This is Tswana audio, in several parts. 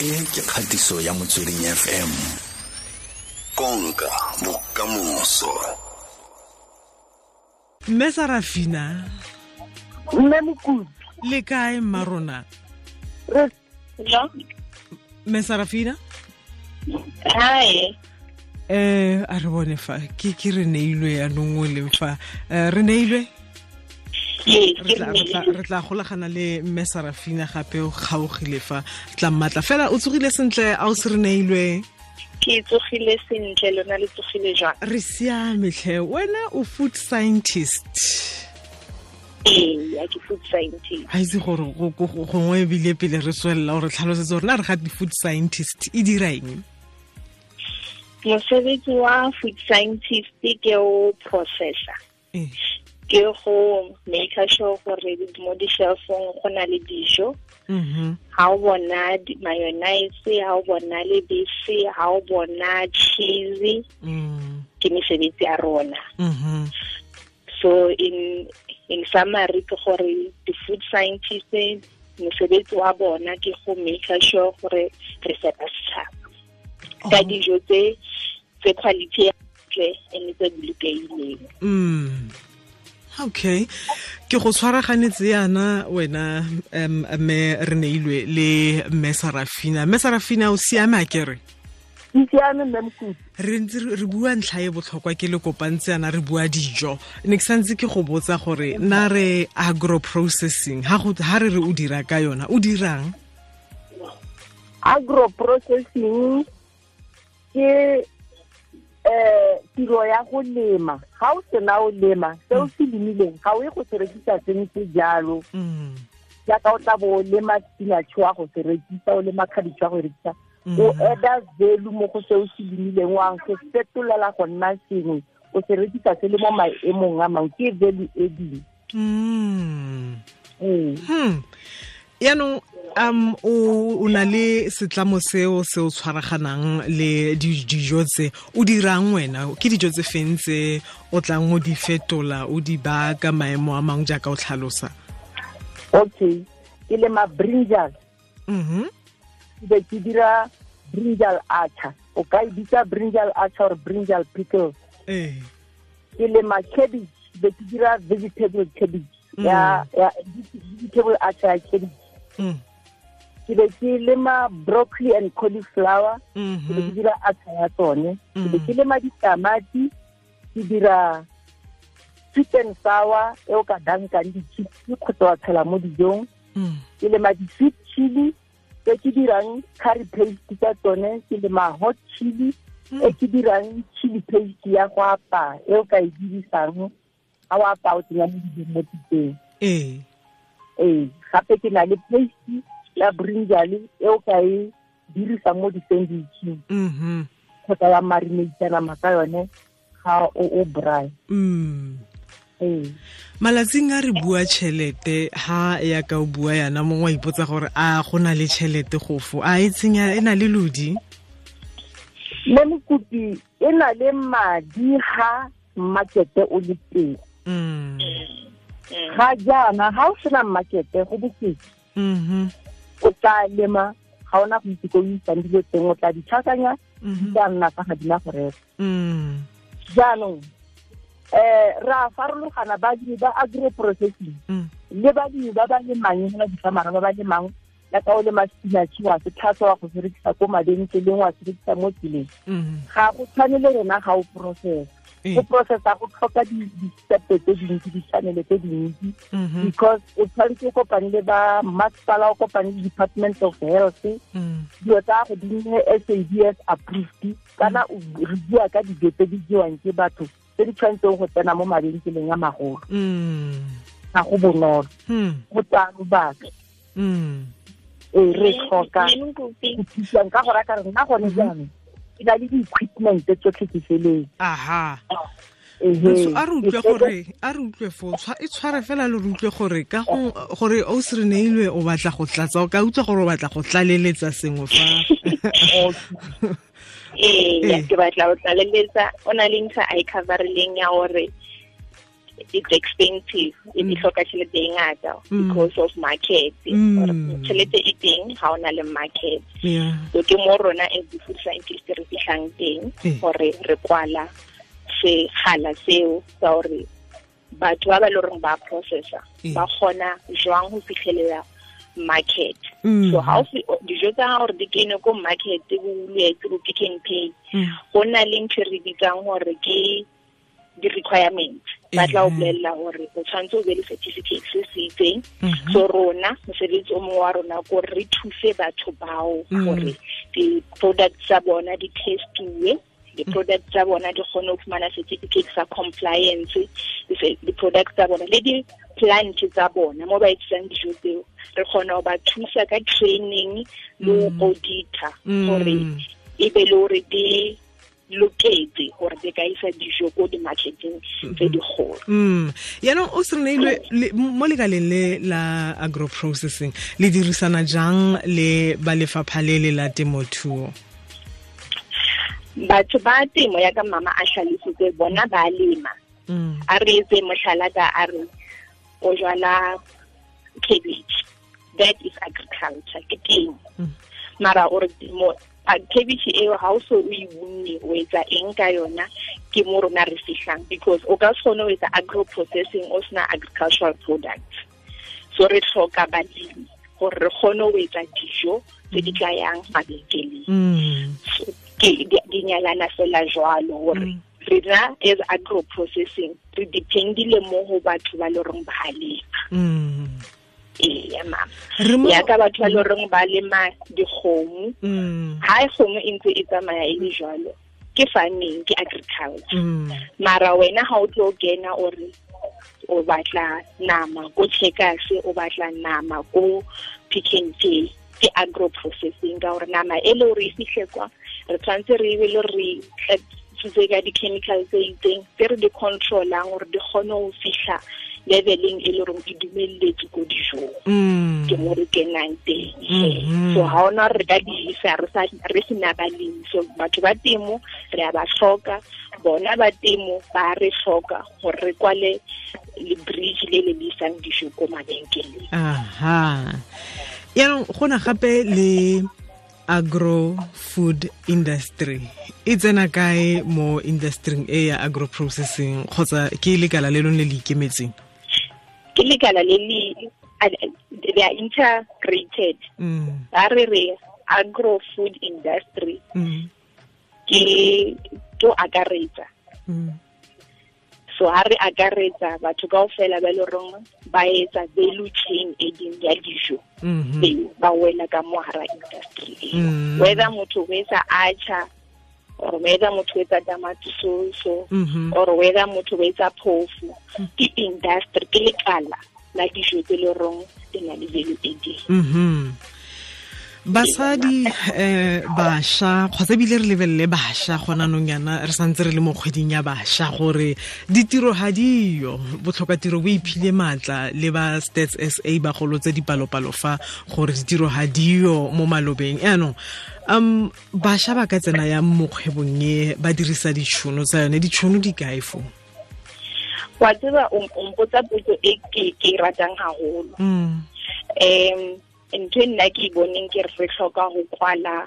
e ke kgatiso ya motsweding fm konka bokamoso mme sarafina mme mokutu le kae mma mme sarafina hi eh, a re bone fa ke re neilwe ya nongwe le fa eh, re neilwe re tla golagana le mme sarafina gape o kgaogile fa tla mmatla fela o tsogile sentle a o se re neilwe re siametlhe wena o food scientist ga itse gore gongwe ebile pele re tswelela gore tlhalosetse gore na re gate food scientist e dira eng mosebetsi wa food scientist ke o processor ee. ke go make sure gore mo di-shelfong go na le dijo mm-hmm. o bona o bona o bona cheese mm. ke mesebetsi rona mm-hmm. so in in summary ke gore di-food scientist mosebetsi wa bona ke go make sure gore re fepa setšhaba ka oh. dijo tse quality ya ntle and tse bolokeileng mm. okay ke go tshwaraganetse yana wena um me re neilwe le mme sarafina mme sarafina o siame a kere re ntse re bua ntlha e botlhokwa ke le kopantse yana re bua dijo ne ke santse ke go botsa gore na re agro processing ha re re o dira ka yona o dirang agro processing ke eh tiro ya go lema ga o sena o lema se o se mm. lemileng ga o ye go se rekisa sentse jalo mm. jaaka o tla bo o lema spinach wa go se rekisa o lema cabbage wa go e rekisa o eda mm. velu mo go se o se lemileng wa go fetolela go nna sengwe o se rekisa se le mo maemong a mangwe ke value adding e hmm. yaanong um o na le setlamo seo se o tshwaraganang le dijo tse o dirang wena ke dijo tse feng tse o tlang o di fetola o di ba ka maemo a mangwe jaaka o tlhalosa okay ke le mabrinjal mhm be ke dira brinjal archer o ka e bitsa brinjal acha or brinjal pickle eh ke le ma cabbage be ke dira vegetable cabbage ya mm. ya vegetable archer cabbage mm ke be ke lema broccoli and cauliflower mhm. ke be ke dira atsa ya tsone ke be mhm. ke lema ditamati ke dira sweet and sour e o ka dankang di-chips kgotsa wa tshela mo dijong mm. ke lema di-sweet chili e ke dirang curry paste tsa tsone ke lema hot chili mm. e ke dirang chili paste ya go apa e o ka e dirisang ga o apa o tsenya mo dijong mo titeng ee. ee gape ke na le paste ya brinjal e o ka e dirisa mo di-sandwiching mm-hmm. kgotsa ya marinate ka yone ga o bry mm. ee. malatsing a re bua tšhelete ha e ya ka o bua yana mongwe wa ipotsa gore a go na le tšhelete gofo a e tsenya e na le lodi mo mokopi e na le madi ga markete o le teng mm. ga jaana ga o sena markete go bokete mm-hmm o tla lema ga ona go itse ko isang dilo teng o tla di tlhakanya mhm. nna fa ga di na go reka mm. jaanong eh ra farologana badiri ba agro processing mm. le di ba ba lemang di tsamara ba ba lemang la ka o lema spinach wa se tlhatsa wa go se rekisa ko mabenkeleng wa se mo tseleng mm-hmm. ga go tshwane le rona ga o process go ee. processa go tlhoka di-stepe tse dintsi di-channele tse dintsi mm-hmm. because o tshwanetse o kopane le ba masepala o kopane le department of health mm. dilo tsa go dinnye s a d s approved kana mm. re bua ka dijo tse di jewang ke batho tse di tshwanetseng go tsena mo mabenkeleng a magolo mm. ga go bonolo hmm. go tsano batho hmm. ee, re tlhoka go thusang ka gore a ka re nna gone mm-hmm. jaanong ke na le di-equipment tsotlhe ke feleng aha a re utlwe gore a re utlwe fo e tshware fela le re utlwe gore ka gore o sereneilwe o batla go tlatsa o ka utlwa gore o batla go tlaleletsa sengwe fa ke batla go tlaleletsa o na le ntlha a e covereleng ya gore it's expensive e tlhoka tšhelete e ngata mm. because of market mm. tšhelete e teng ga o na le market so ke mo rona e difodisa interesty re fitlhang teng gore eh. re kwala segala seo sa gore batho ba ba le goreng ba processa eh. ba kgona jwang go fitlhelela market so dijo tsa gore di kene ko market bo lwetse bo pick and pay go na le ntho e re bitsang gore ke di-requirements ba tla o eh. bolelela gore o tshwanetse o be le certificate se se itseng mhm. so rona mosebetsi o mongwe wa rona ko re thuse batho bao gore mm. di-product tsa bona di-testiwe di-product tsa bona di kgone go fumana certificate sa compliance di-product tsa bona le di-plant tsa bona mo ba etsang dijo tseo re kgona go ba thusa ka training le go mm. auditor gore mm. e be le gore di loketse gore re ka isa dijo ko dimatlhetseng mm-hmm. tse di mm yaanong o sereneilwe mo lekaleng le la agroprocessing le dirisana jang le balefapha le le la temothuo batho ba temo ya ka mama a tlhalositse bona ba lema mm. a re etse motlhalaka a re o jala cabbage that is agriculture ke temo mm. mara ore khabitšhe eo ga o se o e bunne o etsa eng ka yona ke mo rona re fitlhang because o ka se kgone o etsa agro processing o sena agricultural products so re tlhoka balemi gore re kgone o etsa dijo tse di tla yang mabenkeleng so mm. ke di fela jwalo gore mm. rena as agro processing re dependile mo go batho ba le rong ba ga eya mama yaka batho ba e le goreng ba lema dikgomo ga mm. e kgomo e ntse e tsamaya e le jalo ke farming ke agriculture mm. mara wena ga o tlo kena ore o batla nama ko checkers o batla nama ko pick and pay ke agro processing ka gore nama e le gore e fitlhe kwa re tshwanetse re ebe le re tsutse ka di-chemical tse itseng tse re di controlang gore di kgone go fitlha leveleng e le rong e go ko dijong mm. ke mo re kenang teng mm-hmm. so ha ona re ka disa re se na balemi so batho ba temo re a ba hloka bona ba temo ba re hloka gore re kwale le bridge le le leisang dijo ko mabenkeleng aha ya go na gape le agro food industry e tsena kae mo industry e ya agro processing kgotsa ke lekala le lone le ikemetseng ke lekala le le they are integrated ba mm. re re agro food industry mm. ke to akaretsa mm. so ha re akaretsa batho ka ofela ba e le rong ba etsa value chain e ding ya dijo mm-hmm. ba wela ka mohara industry whether motho o etsa archer or whether motho o etsa damatsotso mm-hmm. or whether motho o etsa phofu mm. ke industry ke lekala la dijo tse le rong le na le value eding basadi um bašwa kgotsa ebile re lebelele bašwa gonanong yana re santse re le mo kgweding ya bašwa gore ditiro ga diyo botlhokatiro bo iphile maatla le ba stats s a ba golotse dipalopalo fa gore ditiro ga diyo mo malobeng yaanong um bašwa ba ka tsena yang mo kgwebong e ba dirisa ditšhono tsa yone ditšhono di kae foo wa tseba o mpotsa potso e ke e ratang gagolo um mm. ntho e nna ke e boneng ke re re tlhoka go kwala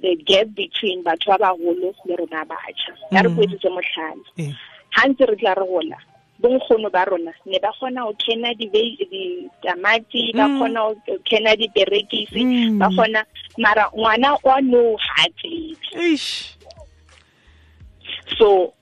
the gap between batho ba bagolo le rona batšha ka re mm. koeditse motlhale ga ntse re tla re gola bonkgono ba rona ne ba kgona go kena ditamati ba mm. kgona go kena diperekisi mm. ba kgona mara ngwana o a noo ga tsetse so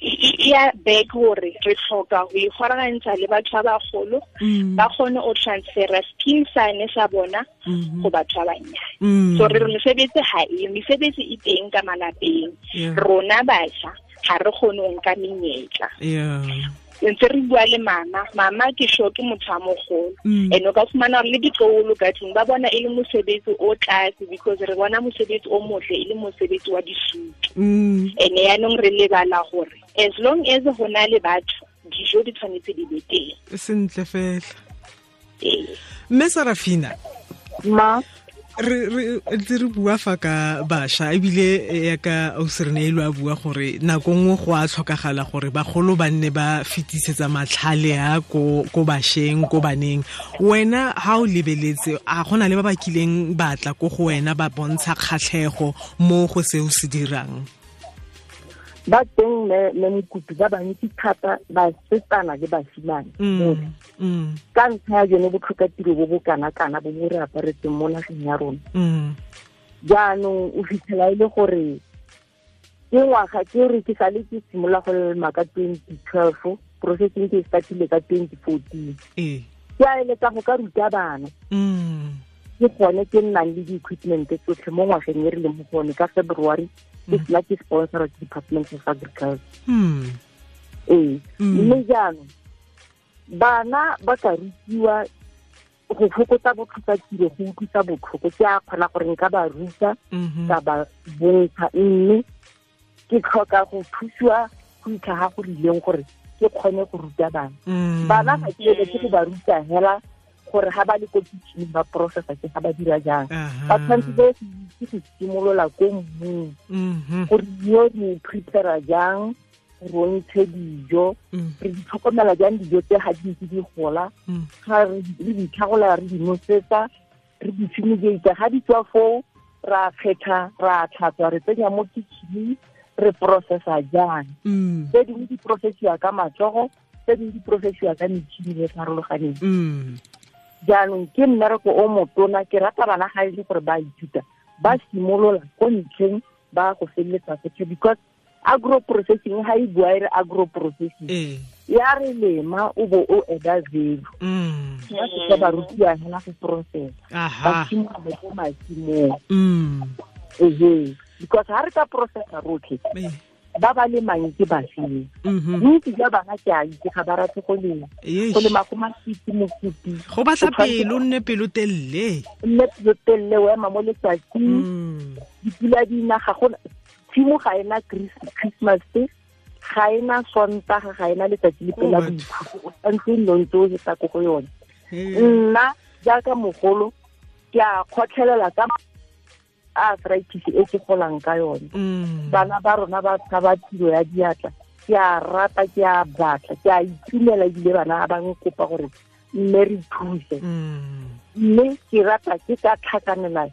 ya back gore re tlhoka e go ikgwaragantsha le batho ba bagolo mm. ba kgone o transfera skill sane sa bona go mm-hmm. batho ba bannyane mm. so re re mesebetsi ha e mesebetsi e teng ka malapeng rona bašwa ga re kgone go nka menyetla ntse re bua le mama mama ke sure ke motho a mogolo mm. and o ka fumana gore le ditloolo ka tlung ba bona e le mosebetsi o tlase because re bona mosebetsi o motle e le mosebetsi wa disutu mm. and yaanong re lebala gore as long as go na le batho dijo di tshwanetse di be teng e sentle fela ee. mme sarafina ma re re bua fa ka bašwa ebile ya ka ausireneelo a bua gore nako nngwe go a tlhokagala gore bagolo ba nne ba fetisetsa matlhale a ko bašweng ko baneng wena ga o lebeletse a gona le ba ba kileng batla ko go wena ba bontsha kgatlhego mo go se o se dirang ba teng le mokopi ba bantsi thata ba setsana le basimane mm, motho mm. ka ntlha ya jone botlhokatiro bo bo kana-kana bo bo re aparetseng mo nageng ya rona mm. jaanong o fitlhela e le gore ke ngwaga ke re ke sale ke simolola go lema ka twenty twelve processing ke e statile ka twenty fourteen ee. ke a eletsa go ka ruta bana ke gone ke nnang le di-equipment tsotlhe mo ngwageng e re leng mo gone ka february nna ke sponsor mm. ke department of agriculture Mm. mme jaanong bana ba ka rutiwa go fokotsa botlhokwa tiro go utlwisa botlhoko ke a kgona gore nka ba ruta mm-hmm. ka ba bontsha mme ke tlhoka go thusiwa go ha go rileng gore ke kgone go ruta bana mm. bana ga ke ke go ba ruta hela gore ga ba le ko kitchen ba processa ke ga ba dira jang ba tshwanetse ke se simolola ko mmung mhm. gore yo di prepare jang re ntshe dijo mm. re di tlhokomela jang dijo tse ga di di gola ga mm. re di tlhagola re di nosetsa re di fumigate ga di tswa foo ra kgetha ra tlhatswa re tsenya mo kitchen re processa jang mm. tse dingwe di processiwa ka matsogo tse dingwe di processiwa ka metšhini e, e farologaneng jaanong ke mmereko o motona ke rata bana ga e le gore ba ithuta ba simolola ko ntlheng ba go feleletsa setse because agro processing ga e bua e re agro processing ya re lema o bo o eda value mm. ya se ba rutiwa hela go processa ba simolola ko masimong mm. ehe because ha re ka processa rotlhe ba ba le ke bafeng bontsi mhm. jwa bana ke a itse ga ba rate go lema go lema ko masitse mokopi go batla pelo nne pelo telele nne pelo telele o ema mo letsatsing mm. dipula dina ga go tshimo ga ena christmas day ga ena sontaga ga ena letsatsi le oh, pela boikhutso o santse nno ntse o hetsa ko go yone nna jaaka mogolo ke a kgotlhelela ka arthritis e ke golang ka yone mm. bana ba rona ba tshaba tiro ya diatla ke a rata ke a batla ke a itumela ebile bana ba nkopa gore mme re thuse mm. mme ke rata ke ka tlhakanela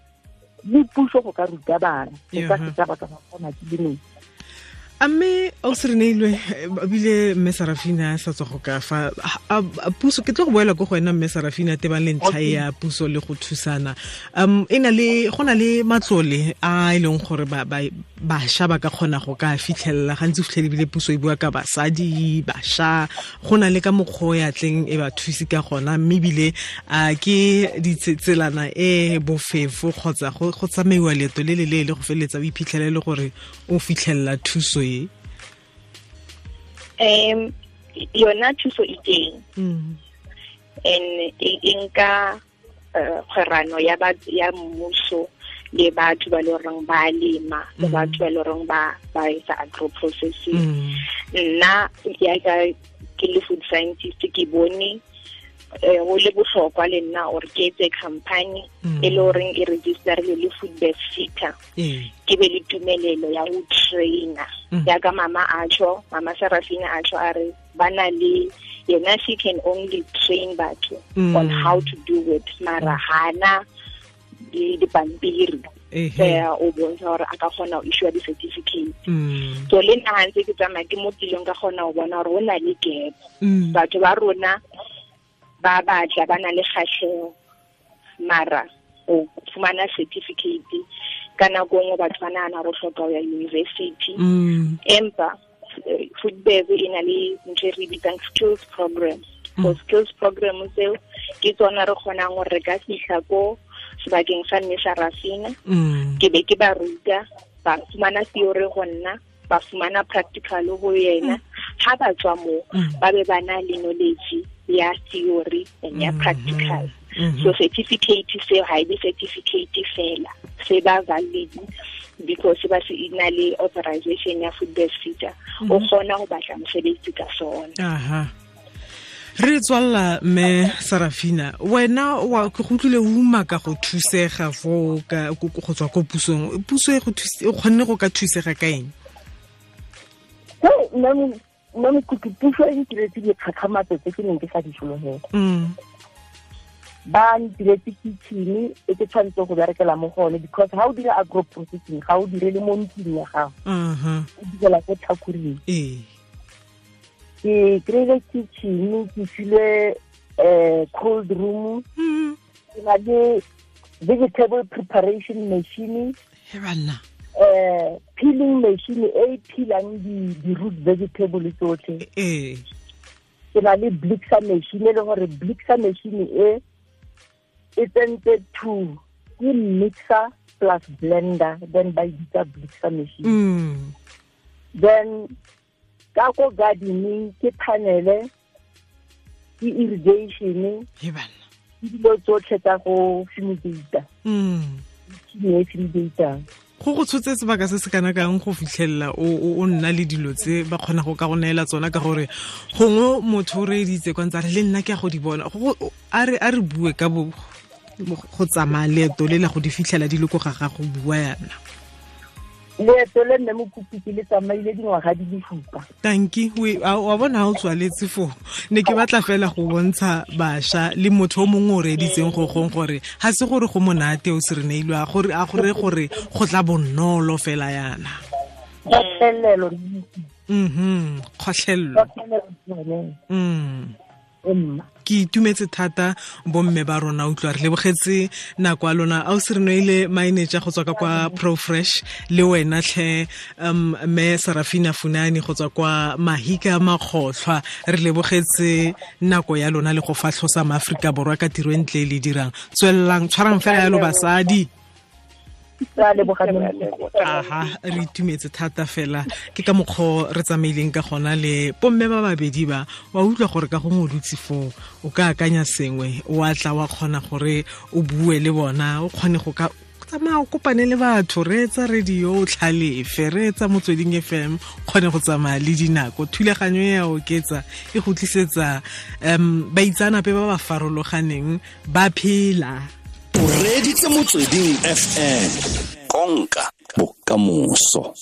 le puso go ka ruta bana e ka se ka ka ba kgona ke dineng mme o se re neilwe ebile mme sarafina sa tswa go ka fa puso ke tlo go boela ko go wena mme sarafina tebang le ntlha e ya puso le go thusana um e na le go na le matlole a e leng gore bašwa ba ka kgona go ka fitlhelela gantsi o fitlhele ebile puso e bua ka basadi bašwa go na le ka mokgwa o yatleng e ba thuse ka gona mme ebile a ke ditselana e bofefo kgotsa go tsamaiwa leeto le le leele go feleletsa o iphitlhelele e gore o fitlhelela thuso e um yona thuso e teng mm. and e, e nka eh, kgwerano ya mmuso le batho ba le goreng ba lema le mm. batho ba le goreng ba etsa agroprocessing mm. nna ya ke le food scientist ke bone go eh, le botlhokwa le nna ore ke etse company mm. e le goreng e registerile le food best fitter eh. ke be le tumelelo ya go trainer jaaka mm. mama a tsho mama serafina a tsho a re ba na le yena she can only train batho mm. on how to do it mara hana dipampiri eh, o bontsha gore a ka kgona go issue di-certificate so le nna gantse ke tsamaya ke mo tilong ka kgona go bona gore go na le gap batho ba rona ba batla ba na le kgatlhego mara o fumana certificate ka nako e nngwe batho ba naana gore tlhoka ya university mm. empa eh, foodbev e na le ntho e re e bitsang skills program mm. so skills program seo ke tsona re kgonang gore re ka fitlha ko sebakeng sa mme sa rafina mm. ke be ke ba ruta ba fumana theory go nna ba fumana practical go yena ga ba tswa moo ba be ba na le knowledge ya theory and ya mhm. practical mhm. so certificate seo ga e certificate fela se ba valid because ba se ina e le authorization ya food based feeder mhm. o kgona go batla mosebetsi ka sona re tswalla me sarafina wena wa ke gotlile o uma ka go thusega fo go tswa ko pusong puso e e kgonne go ka thusega ka eng mo mekutlo puso e ntiretse dikgakgamatso tse ke neng ke sa di sologela mm. ba ntiretse kitchen e ke tshwanetse go berekela mo gone because ga o dira agro processing ga o dire mo ntlong ya gago mm-hmm. o direla ko tlhakoring ke kry-ile kitchen ke file um cold room mm-hmm. ke na le vegetable preparation machine eh peeling machine e philang di-root vegetable tsotlhe ke na le blixa machine e leng gore blixa machine e e tsentse two ke mixer plus blender then ba bitsa blixa machine mm. then ka ko gardening ke panele ke irrigation ke dilo tsotlhe tsa go fumigata mm. e fumigatang go go tshotse sebaka se se kana kang go fitlhelela o nna le dilo tse ba kgona go ka go neela tsona ka gore gongwe motho o reeditse kwa ntse a re le nna ke a go di bona a re bue ka bo go tsamaya leeto le la go di fitlhela di le ko ga gago bua yana leeto le nne mokopiki le tsamaile dingwaga di le supa tanki wa bona ga o tswaletse foo ne ke batla fela go bontsha bašwa le motho o mongwe o reeditseng go gong gore ga se gore go monate o sereneilwe a gore gore go tla bonolo fela yana kgotlhelelo mhm kgotlhelelo mm emma ke itumetse thata bomme ba rona utlwa re lebogetse nako a lona a o se re noile manager go tswa ka kwa profresh le wena tlhe um me sarafina funane go tswa kwa mahika a makgotlhwa re lebogetse nako ya lona le go fatlhosa maaforika borwa ka tiro e ntle e le dirang tswelelang tshwarang fela yalo basadi aha re itumetse thata fela ke ka mokgwa re tsamaileng ka gona le pomme ba babedi ba wa utlwa gore ka gongwe o dutse foo o ka akanya sengwe o a tla wa kgona gore o bue le bona o kgone go ka tsamaya o kopane le batho re etsa radio o tlhalefe re reetsa motsweding fm kgone go tsamaya le dinako thulaganyo ya e oketsa e go tlisetsa um baitsanape ba ba farologaneng ba phela reditse motsweding fm konka bokamoso